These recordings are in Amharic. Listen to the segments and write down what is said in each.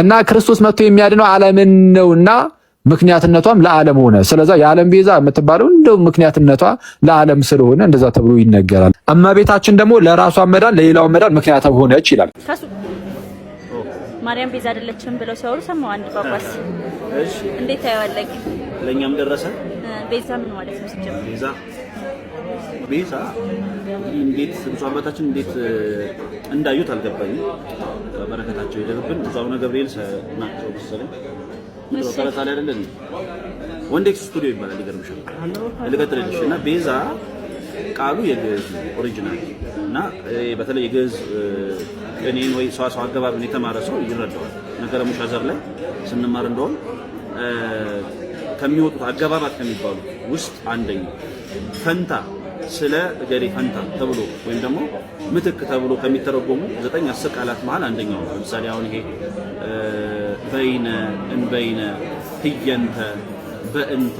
እና ክርስቶስ መጥቶ የሚያድነው ዓለምን ነውና ምክንያትነቷም ለዓለም ሆነ። ስለዛ የዓለም ቤዛ የምትባለው እንደው ምክንያትነቷ ለዓለም ስለሆነ እንደዛ ተብሎ ይነገራል። እመቤታችን ደግሞ ለራሷ መዳን ለሌላው መዳን ምክንያት ሆነች ይላል። ማርያም ቤዛ አይደለችም ብለው ሲያወሩ ሰማሁ። አንድ ጳጳስ እሺ እንዴት ታየዋለህ? ለኛም ደረሰ። ቤዛ ምን ማለት ነው ሲጀምር? ቤዛ ቤዛ እንዴት ብፁዕ አባታችን እንዴት እንዳዩት አልገባኝም። በረከታቸው ይደርብን። ብፁዕ አቡነ ገብርኤል ናቸው መሰለኝ። ቀረጻ ላይ አይደለን ወንዴክስ ስቱዲዮ ይባላል። ይገርምሻል። ልቀጥልልሽ እና ቤዛ ቃሉ የግዕዝ ኦሪጂናል እና በተለይ የግዕዝ ቅኔን ወይ ሰዋሰው አገባብን የተማረ ሰው ይረዳዋል። ነገረ ሙሻዘር ላይ ስንማር እንደሆን ከሚወጡት አገባባት ከሚባሉት ውስጥ አንደኛው ፈንታ ስለ እገሌ ፈንታ ተብሎ ወይም ደግሞ ምትክ ተብሎ ከሚተረጎሙ ዘጠኝ አስር ቃላት መሀል አንደኛው ነው። ለምሳሌ አሁን ይሄ በይነ፣ እንበይነ፣ ህየንተ፣ በእንተ፣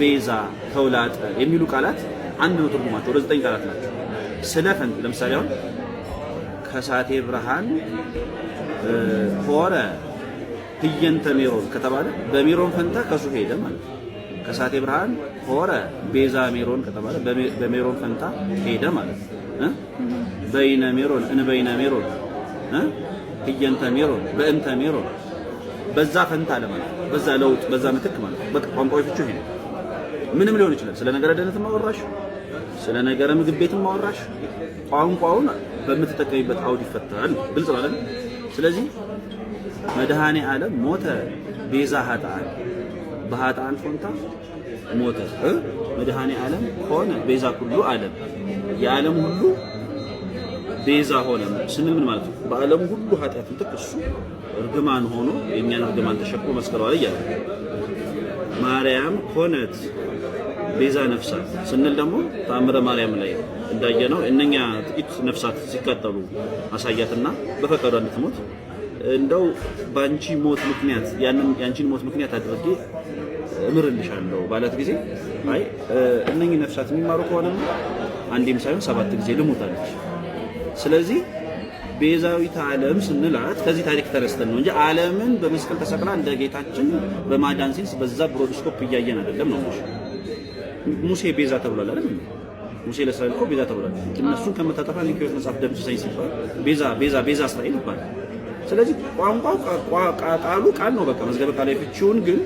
ቤዛ፣ ተውላጠ የሚሉ ቃላት አንድ ነው ትርጉማቸው። ወደ ዘጠኝ ቃላት ናቸው። ስለ ፈንት ለምሳሌ አሁን ከሳቴ ብርሃን ሆረ ህየንተ ሜሮን ከተባለ በሜሮን ፈንታ ከሱ ሄደ ማለት ነው። ከሳቴ ብርሃን ሆረ ቤዛ ሜሮን ከተባለ በሜሮን ፈንታ ሄደ ማለት ነው። በይነ ሜሮን እንበይነ ሜሮን እየንተ ሜሮን በእንተ ሜሮን በዛ ፈንታ ለማለት በዛ ለውጥ በዛ ምትክ ማለት በቃ ቋንቋ ፍቹ ይሄ ምንም ሊሆን ይችላል። ስለ ነገረ ደህንነትም አወራሽ፣ ስለ ነገረ ምግብ ቤትም አወራሽ። ቋንቋውን በምትጠቀሚበት አውድ ይፈታል። ግልጽ ማለት ስለዚህ መድኃኔ ዓለም ሞተ ቤዛ ኃጥአን በኃጥአን ፈንታ ሞተ መድኃኔ ዓለም ሆነ ቤዛ ሁሉ ዓለም የዓለም ሁሉ ቤዛ ሆነ ስንል ምን ማለት ነው? በዓለም ሁሉ ኃጢአት ምትክ እሱ እርግማን ሆኖ የእኛን እርግማን ተሸክሞ መስቀል ላይ ያለ ማርያም ሆነት ቤዛ ነፍሳት ስንል ደግሞ ተአምረ ማርያም ላይ እንዳየነው እነኛ ጥቂት ነፍሳት ሲቃጠሉ አሳያትና በፈቃዷ እንድትሞት እንደው ባንቺ ሞት ምክንያት ያንን ያንቺን ሞት ምክንያት አድርጌ እምርልሻለሁ ባላት ጊዜ አይ እነኚህ ነፍሳት የሚማሩ ከሆነ አንዴም ሳይሆን ሰባት ጊዜ ልሞታለች። ስለዚህ ቤዛዊት ዓለም ስንላት ከዚህ ታሪክ ተረስተን ነው እንጂ ዓለምን በመስቀል ተሰቅላ እንደ ጌታችን በማዳን ሲንስ በዛ ብሮድስኮፕ እያየን አይደለም ነው። ሙሴ ቤዛ ተብሏል አይደል? ሙሴ ለእስራኤል እኮ ቤዛ ተብሏል። እነሱን ከምታጠፋ ኒኮዮት መጽሐፍ ደምስሰኝ ሲባል ቤዛ ቤዛ ቤዛ እስራኤል ይባላል። ስለዚህ ቋንቋ ቃሉ ቃል ነው። በቃ መዝገበ ቃል ፍቺውን ግን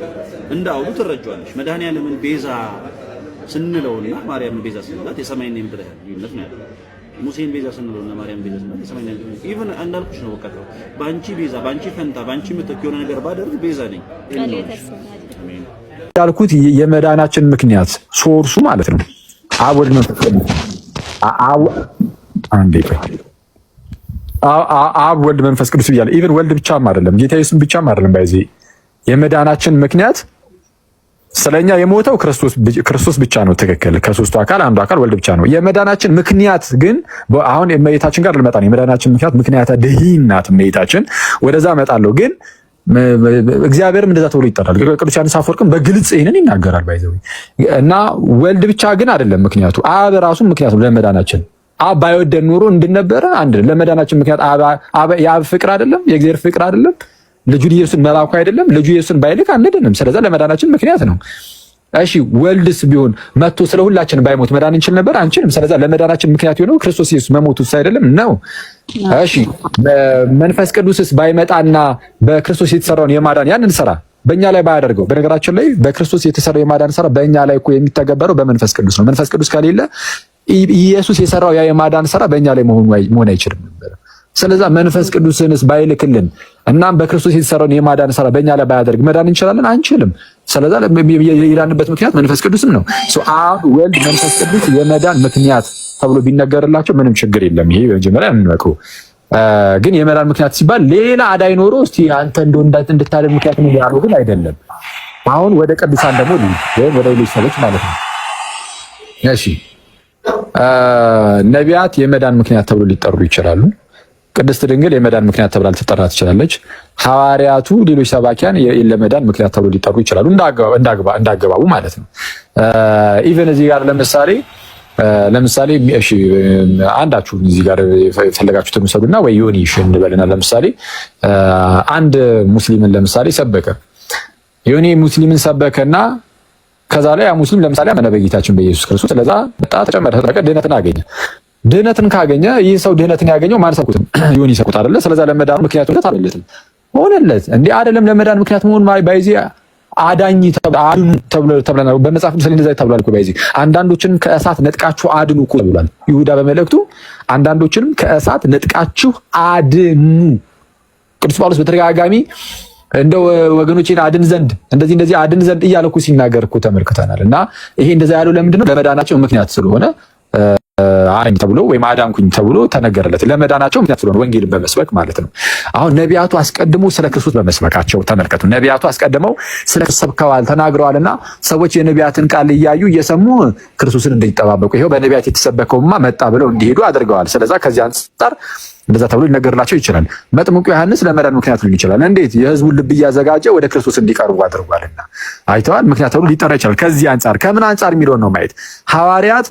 እንዳውሉ ትረጇለች። መድኃኒዓለምን ቤዛ ስንለውና ማርያምን ቤዛ ስንላት የሰማይና የምድር ልዩነት ነው ያለው። ሙሴን ቤዛ ስንለውና ማርያም ቤዛ ስንላት የሰማይና የምድር ልዩነት ኢቭን እንዳልኩሽ ነው። በቃ በአንቺ ቤዛ፣ በአንቺ ፈንታ፣ በአንቺ ምትክ የሆነ ነገር ባደርግ ቤዛ ነኝ ያልኩት የመዳናችን ምክንያት ሶርሱ ማለት ነው አብ ወልድ መንፈስ ቅዱስ አብ ወልድ መንፈስ ቅዱስ ብያለሁ። ኢቨን ወልድ ብቻም አይደለም ጌታ ኢየሱስ ብቻም አይደለም። ባይዚ የመዳናችን ምክንያት ስለኛ የሞተው ክርስቶስ ብቻ ነው። ትክክል። ከሶስቱ አካል አንዱ አካል ወልድ ብቻ ነው። የመዳናችን ምክንያት ግን አሁን እመቤታችን ጋር ልመጣ ነው። የመዳናችን ምክንያት ምክንያተ ድኅነት ናት እመቤታችን፣ ወደዛ እመጣለሁ። ግን እግዚአብሔርም እንደዛ ተብሎ ይጠራል። ቅዱስ ዮሐንስ አፈወርቅም በግልጽ ይህንን ይናገራል። ባይዘ እና ወልድ ብቻ ግን አይደለም ምክንያቱ፣ አብ ራሱም ምክንያት ነው ለመዳናችን አብ ባይወደን ኑሮ እንድነበረ አንድ ለመዳናችን ምክንያት የአብ ፍቅር አይደለም፣ የእግዚአብሔር ፍቅር አይደለም፣ ልጁን ኢየሱስን መላኩ አይደለም። ልጁ ኢየሱስን ባይልክ አንድንም። ስለዚህ ለመዳናችን ምክንያት ነው። እሺ ወልድስ ቢሆን መጥቶ ስለ ሁላችን ባይሞት መዳን እንችል ነበር? አንችልም። ስለዚህ ለመዳናችን ምክንያት የሆነው ክርስቶስ ኢየሱስ መሞቱ አይደለም ነው። እሺ መንፈስ ቅዱስስ ባይመጣና በክርስቶስ የተሰራውን የማዳን ያንን ስራ በእኛ ላይ ባያደርገው በነገራችን ላይ በክርስቶስ የተሰራው የማዳን ስራ በእኛ ላይ እኮ የሚተገበረው በመንፈስ ቅዱስ ነው። መንፈስ ቅዱስ ከሌለ ኢየሱስ የሰራው ያ የማዳን ስራ በእኛ ላይ መሆን አይችልም ነበር። ስለዚህ መንፈስ ቅዱስንስ ባይልክልን እናም በክርስቶስ የተሰራውን የማዳን ስራ በእኛ ላይ ባያደርግ መዳን እንችላለን? አንችልም። ስለዚህ የዳንበት ምክንያት መንፈስ ቅዱስም ነው። አብ፣ ወልድ፣ መንፈስ ቅዱስ የመዳን ምክንያት ተብሎ ቢነገርላቸው ምንም ችግር የለም። ይሄ መጀመሪያ የምንመክሩ ግን የመዳን ምክንያት ሲባል ሌላ አዳይ ኖሮ እስቲ አንተ እንደው እንድታደን ምክንያት ነው ያለው ግን አይደለም። አሁን ወደ ቅዱሳን ደግሞ ወይም ወደ ሌሎች ሰዎች ማለት ነው። እሺ ነቢያት የመዳን ምክንያት ተብሎ ሊጠሩ ይችላሉ። ቅድስት ድንግል የመዳን ምክንያት ተብላ ልትጠራ ትችላለች። ሐዋርያቱ፣ ሌሎች ሰባኪያን ለመዳን ምክንያት ተብሎ ሊጠሩ ይችላሉ፣ እንዳገባቡ ማለት ነው። ኢቨን እዚህ ጋር ለምሳሌ ለምሳሌ እሺ አንዳችሁ እዚህ ጋር የፈለጋችሁትን ውሰዱና ወይ ዮኒ እሺ እንበልና ለምሳሌ አንድ ሙስሊምን ለምሳሌ ሰበከ ዮኒ ሙስሊምን ሰበከና ከዛ ላይ ሙስሊም ለምሳሌ አመነ በጌታችን በኢየሱስ ክርስቶስ ለዛ በጣ ተጨመረ ተጠረቀ ድህነትን አገኘ። ድህነትን ካገኘ ይህ ሰው ድህነትን ያገኘው ማን ሰኩት ይሁን ይሰቁት አይደለ? ስለዛ ለመዳኑ ምክንያቱ ለት አለለትም ሆነለት እንዴ አደለም ለመዳን ምክንያት መሆን ባይዚ አዳኝ አድኑ ተብለናል በመጽሐፍ ቅዱስ ላይ እንደዛ ተብሏል እኮ ባይዜ አንዳንዶችን ከእሳት ነጥቃችሁ አድኑ እኮ ተብሏል። ይሁዳ በመልእክቱ አንዳንዶችንም ከእሳት ነጥቃችሁ አድኑ ቅዱስ ጳውሎስ በተደጋጋሚ እንደ ወገኖቼን አድን ዘንድ እንደዚህ እንደዚህ አድን ዘንድ እያለኩ ሲናገርኩ ሲናገር እኮ ተመልክተናል። እና ይሄ እንደዛ ያለው ለምንድን ነው? ለመዳናቸው ምክንያት ስለሆነ አረኝ ተብሎ ወይም አዳንኩኝ ተብሎ ተነገረለት። ለመዳናቸው ምክንያት ስለሆነ ወንጌልን በመስበክ ማለት ነው። አሁን ነቢያቱ አስቀድሞ ስለ ክርስቶስ በመስበካቸው ተመልከቱ። ነቢያቱ አስቀድመው ስለ ክርስቶስ ሰብከዋል፣ ተናግረዋልና ሰዎች የነቢያትን ቃል እያዩ እየሰሙ ክርስቶስን እንዲጠባበቁ ይኸው በነቢያት የተሰበከውማ መጣ ብለው እንዲሄዱ አድርገዋል። ስለዛ ከዚህ አንጻር እንደዛ ተብሎ ሊነገርላቸው ይችላል። መጥምቁ ዮሐንስ ለመዳን ምክንያት ሊሆን ይችላል። እንዴት የህዝቡን ልብ እያዘጋጀ ወደ ክርስቶስ እንዲቀርቡ አድርጓልና አይተዋል። ምክንያት ተብሎ ሊጠራ ይችላል። ከዚህ አንጻር ከምን አንጻር የሚለውን ነው ማየት ሐዋርያት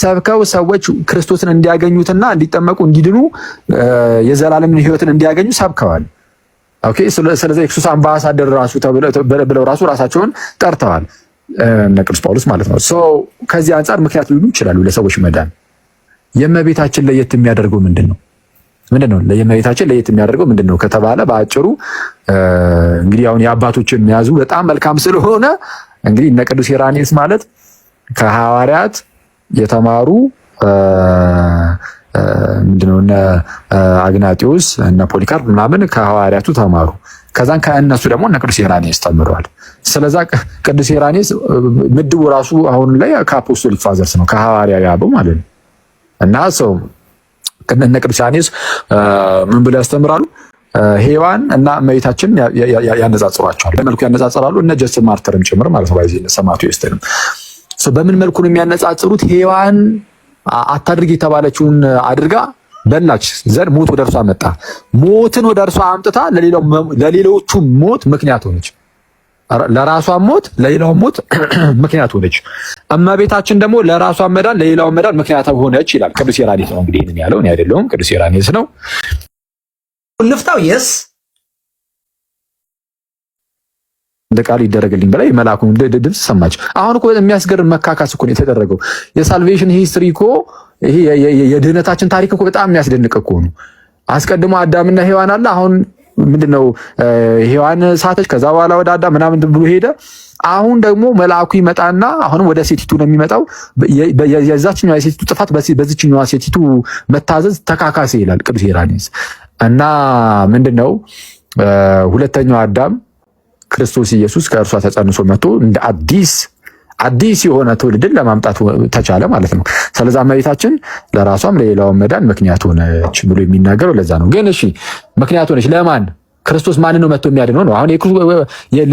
ሰብከው ሰዎች ክርስቶስን እንዲያገኙትና እንዲጠመቁ እንዲድኑ የዘላለምን ህይወትን እንዲያገኙ ሰብከዋል። ኦኬ። ስለዚህ የክርስቶስ አምባሳደር ራሱ ብለው ራሱ ራሳቸውን ጠርተዋል እነ ቅዱስ ጳውሎስ ማለት ነው። ሶ ከዚህ አንጻር ምክንያት ሊሉ ይችላሉ ለሰዎች መዳን። የእመቤታችን ለየት የሚያደርገው ምንድን ነው? ምንድን ነው የእመቤታችን ለየት የሚያደርገው ምንድን ነው ከተባለ በአጭሩ እንግዲህ አሁን የአባቶች የሚያዙ በጣም መልካም ስለሆነ እንግዲህ እነ ቅዱስ ማለት ከሐዋርያት የተማሩ ምንድነው እነ አግናጢዎስ እነ ፖሊካርፕ ምናምን ከሐዋርያቱ ተማሩ። ከዛን ከእነሱ ደግሞ እነ ቅዱስ ሄራኔስ ተምረዋል። ስለዛ ቅዱስ ሄራኔስ ምድቡ ራሱ አሁን ላይ ከአፖስቶሊክ ፋዘርስ ነው ከሐዋርያ አበው ማለት ነው እና ሰው እነ ቅዱስ ሄራኔስ ምን ብለው ያስተምራሉ? ሔዋን እና እመቤታችን ያነጻጽሯቸዋል። በመልኩ ያነጻጽራሉ። እነ ጀስት ማርተርም ጭምር ማለት ነው። ሰማቱ ስተንም በምን መልኩ ነው የሚያነጻጽሩት? ሔዋን አታድርግ የተባለችውን አድርጋ በላች ዘንድ ሞት ወደ እርሷ መጣ። ሞትን ወደ እርሷ አምጥታ ለሌሎቹ ሞት ምክንያት ሆነች። ለራሷ ሞት ለሌላው ሞት ምክንያት ሆነች። እመቤታችን ደግሞ ለራሷ መዳን ለሌላው መዳን ምክንያት ሆነች ይላል ቅዱስ ኢራኔስ ነው። እንግዲህ ይህንን ያለው እኔ አይደለሁም፣ ቅዱስ ኢራኔስ ነው። ልፍታው የስ እንደ ቃል ይደረግልኝ በላይ መልአኩን ድምፅ ሰማች። አሁን እኮ የሚያስገርም መካካስ እኮ ነው የተደረገው። የሳልቬሽን ሂስትሪ እኮ ይሄ የድህነታችን ታሪክ እኮ በጣም የሚያስደንቅ እኮ ነው። አስቀድሞ አዳምና ሔዋን አለ። አሁን ምንድነው ሔዋን ሳተች፣ ከዛ በኋላ ወደ አዳም ምናምን ብሎ ሄደ። አሁን ደግሞ መልአኩ ይመጣና አሁንም ወደ ሴቲቱ ነው የሚመጣው። የዛችኛዋ የሴቲቱ ጥፋት በዚችኛዋ ሴቲቱ መታዘዝ ተካካሴ ይላል ቅዱስ ሄራኒስ እና ምንድነው ሁለተኛው አዳም ክርስቶስ ኢየሱስ ከእርሷ ተጸንሶ መጥቶ እንደ አዲስ አዲስ የሆነ ትውልድን ለማምጣት ተቻለ ማለት ነው። ስለዛ እመቤታችን ለራሷም ለሌላውን መዳን ምክንያት ሆነች ብሎ የሚናገረው ለዛ ነው። ግን እሺ ምክንያት ሆነች ለማን? ክርስቶስ ማን ነው መጥቶ የሚያድነው ነው። አሁን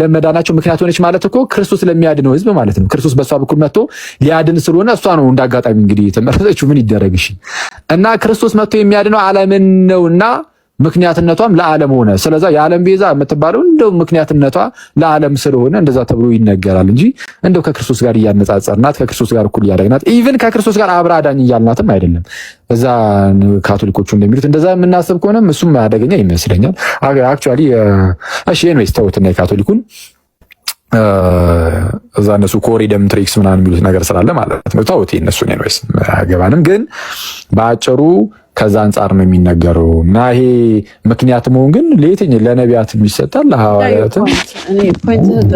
ለመዳናቸው ምክንያት ሆነች ማለት እኮ ክርስቶስ ለሚያድነው ህዝብ ማለት ነው። ክርስቶስ በእሷ በኩል መጥቶ ሊያድን ስለሆነ እሷ ነው እንዳጋጣሚ እንግዲህ የተመረጠችው። ምን ይደረግ እሺ። እና ክርስቶስ መጥቶ የሚያድነው ዓለምን ነውና ምክንያትነቷም ለዓለም ሆነ። ስለዛ የዓለም ቤዛ የምትባለው እንደው ምክንያትነቷ ለዓለም ስለሆነ እንደዛ ተብሎ ይነገራል እንጂ እንደው ከክርስቶስ ጋር እያነጻጸርናት ከክርስቶስ ጋር እኩል እያደረግናት ኢቭን ከክርስቶስ ጋር አብራ አዳኝ እያልናትም አይደለም። እዛ ካቶሊኮቹ እንደሚሉት እንደዛ የምናስብ ከሆነም እሱም አደገኛ ይመስለኛል። አክቹዋሊ እሺ፣ ኤንዌይስ ተውትና የካቶሊኩን እዛ እነሱ ኮሪደም ትሪክስ ምናምን የሚሉት ነገር ስላለ ማለት ነው። ተውት እነሱን፣ ኤንዌይስ አገባንም ግን በአጭሩ ከዛ አንጻር ነው የሚነገረው እና ይሄ ምክንያት መሆን ግን ለየትኛው ለነቢያትም ይሰጣል ለሐዋርያትም